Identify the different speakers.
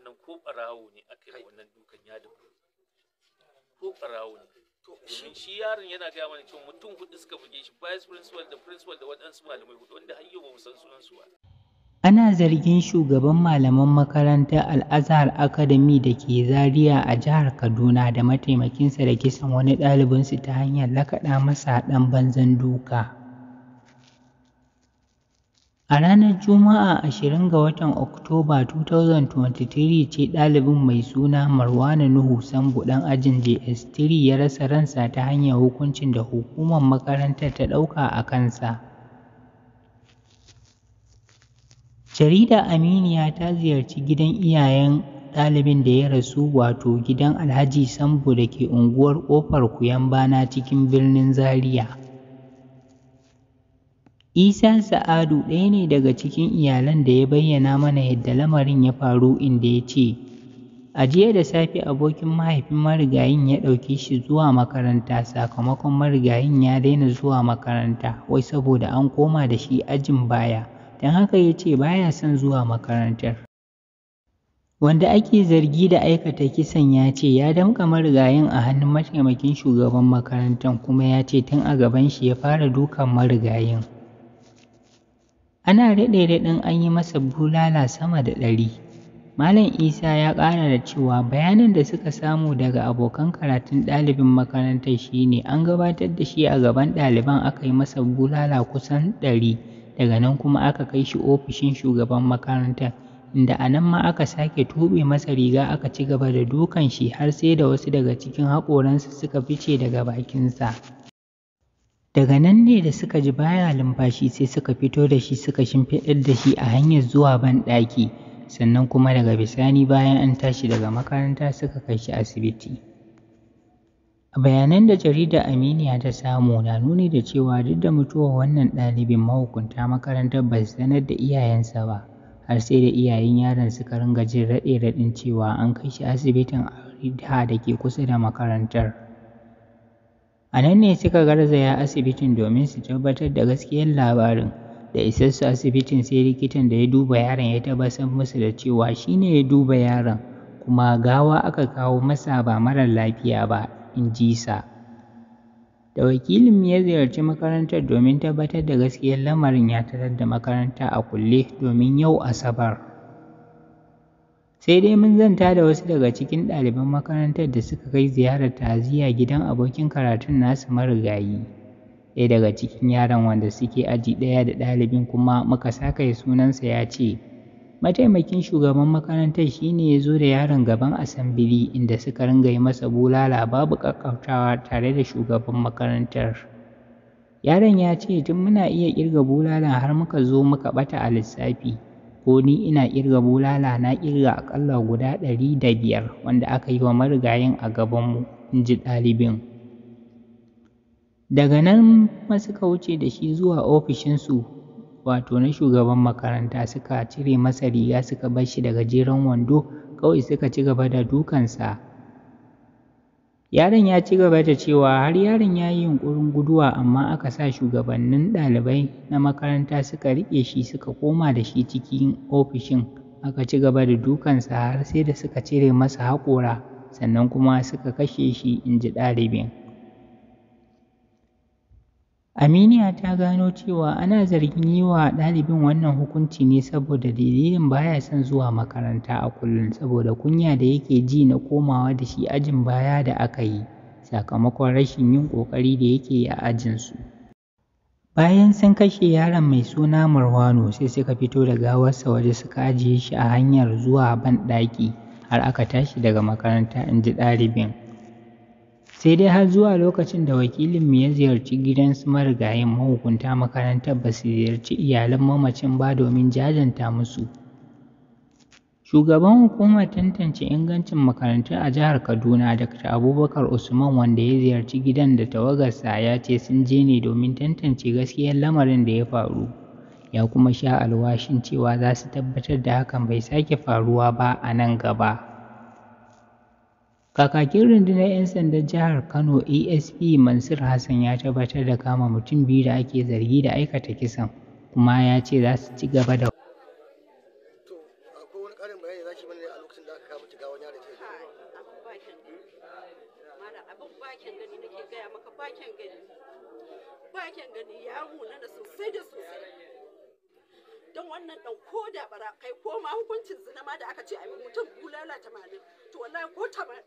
Speaker 1: wannan ko ɓarawo ne aka yi wannan dukan ya da ko ɓarawo ne domin shi yaron yana gaya mana cewa mutum hudu suka buge shi vice principal da principal da waɗansu malamai hudu wanda har yau ba mu san sunansu ba ana zargin shugaban malaman makarantar al'azhar academy da ke zaria a jihar kaduna da mataimakinsa da kisan wani ɗalibinsu ta hanyar lakaɗa masa ɗan banzan duka A ranar Juma'a 20 ga watan Oktoba 2023 ce ɗalibin mai suna Marwana Nuhu Sambo ɗan ajin JS3 ya rasa ransa ta hanyar hukuncin da hukumar makarantar ta ɗauka a kansa. Jaridar Aminiya ta ziyarci gidan iyayen ɗalibin da ya rasu wato gidan Alhaji Sambo da ke unguwar Ƙofar Kuyambana cikin birnin Zariya. Isa Sa'adu ɗaya ne daga cikin iyalan da ya bayyana mana yadda lamarin ya faru inda ya ce, a jiya da safe abokin mahaifin marigayin ya ɗauke shi zuwa makaranta sakamakon marigayin ya daina zuwa makaranta wai saboda an koma da shi ajin baya don haka ya ce baya son zuwa makarantar. Wanda ake zargi da aikata kisan ya ce ya damƙa marigayin a hannun mataimakin shugaban makarantar kuma ya ce tun a gaban shi ya fara dukan marigayin. ana raɗe-raɗin an yi masa bulala sama da ɗari malam isa ya ƙara da cewa bayanin da suka samu daga abokan karatun ɗalibin makarantar shi ne, an gabatar da shi a gaban ɗaliban aka yi masa bulala kusan ɗari daga nan kuma aka kai shi ofishin shugaban makarantar inda a nan ma aka sake tuɓe masa riga aka ci gaba da dukan shi har sai da wasu daga cikin haƙoransa suka fice daga bakinsa daga nan ne da suka ji baya lumfashi sai suka fito da shi suka shimfiɗar da shi a hanyar zuwa banɗaki sannan kuma daga bisani bayan an tashi daga makaranta suka kai shi asibiti bayanan da jaridar aminiya ta samu na nuni da cewa duk da mutuwar wannan ɗalibin mahukunta makarantar ba su sanar da iyayensa ba har sai da iyayen yaron suka ringa jin raɗe-raɗin cewa an kai shi asibitin a da ke kusa da makarantar a nan ne suka garzaya asibitin domin su tabbatar da gaskiyar labarin da isassu asibitin sai likitan da ya duba yaron ya tabbatar musu da cewa shi ne ya duba yaron kuma gawa aka kawo masa ba mara lafiya ba in ji sa da wakilin ya ziyarci makarantar domin tabbatar da gaskiyar lamarin ya tarar da makaranta a kulle domin yau asabar sai dai mun zanta da wasu daga cikin ɗaliban makarantar da suka kai ziyarar ta'aziyya gidan abokin karatun nasu marigayi ɗaya daga cikin yaran wanda suke aji ɗaya da ɗalibin kuma muka saka sunansa ya ce mataimakin shugaban makarantar shine ya zo da yaron gaban asambili inda suka ringa yi masa bulala babu ƙaƙƙautawa tare da shugaban makarantar yaron ya ce tun muna iya ƙirga bulalan har muka zo muka ɓata a lissafi ko ni ina ƙirga bulala na ƙirga aƙalla guda ɗari da biyar wanda aka yi wa marigayin a gabanmu in ji ɗalibin daga nan ma suka wuce da shi zuwa ofishinsu wato na shugaban makaranta suka cire masa riga suka bar shi da gajeren wando kawai suka ci gaba da dukansa Yaron ya ci gaba da cewa har yaron ya yi yunƙurin guduwa amma aka sa shugabannin ɗalibai na makaranta suka riƙe shi suka koma da shi cikin ofishin aka ci gaba da dukansa har sai da suka cire masa haƙora sannan kuma suka kashe shi in ji ɗalibin. Aminiya ta gano cewa ana zargin yi wa ɗalibin wannan hukunci ne saboda dalilin ba ya son zuwa makaranta a kullum saboda kunya da yake ji na komawa da shi ajin baya da aka yi sakamakon rashin yin ƙoƙari da yake yi a ajinsu. Bayan sun kashe yaron mai suna Marwano sai suka fito da gawarsa waje suka ajiye shi a hanyar zuwa banɗaki har aka tashi daga makaranta in ji ɗalibin. sai dai har zuwa lokacin da wakilinmu ya ziyarci gidan su marigayin mahukunta makarantar ba su ziyarci iyalan mamacin ba domin jajanta musu shugaban hukumar tantance ingancin makarantu a jihar kaduna dr abubakar usman wanda ya ziyarci gidan da tawagarsa ya ce sun je ne domin tantance gaskiyar lamarin da ya faru ya kuma sha alwashin cewa za su tabbatar da hakan bai sake faruwa ba a nan gaba Kakakin rundunar 'yan sandan jihar Kano ASP Mansur Hassan ya tabbatar da kama mutum biyu da ake zargi da aikata kisan kuma ya ce za su ci gaba da bakin gani ya huna da sosai da sosai don wannan dan ko da bara kai ko ma hukuncin zina ma da aka ce a mutum bulala tamanin to wallahi ko tamanin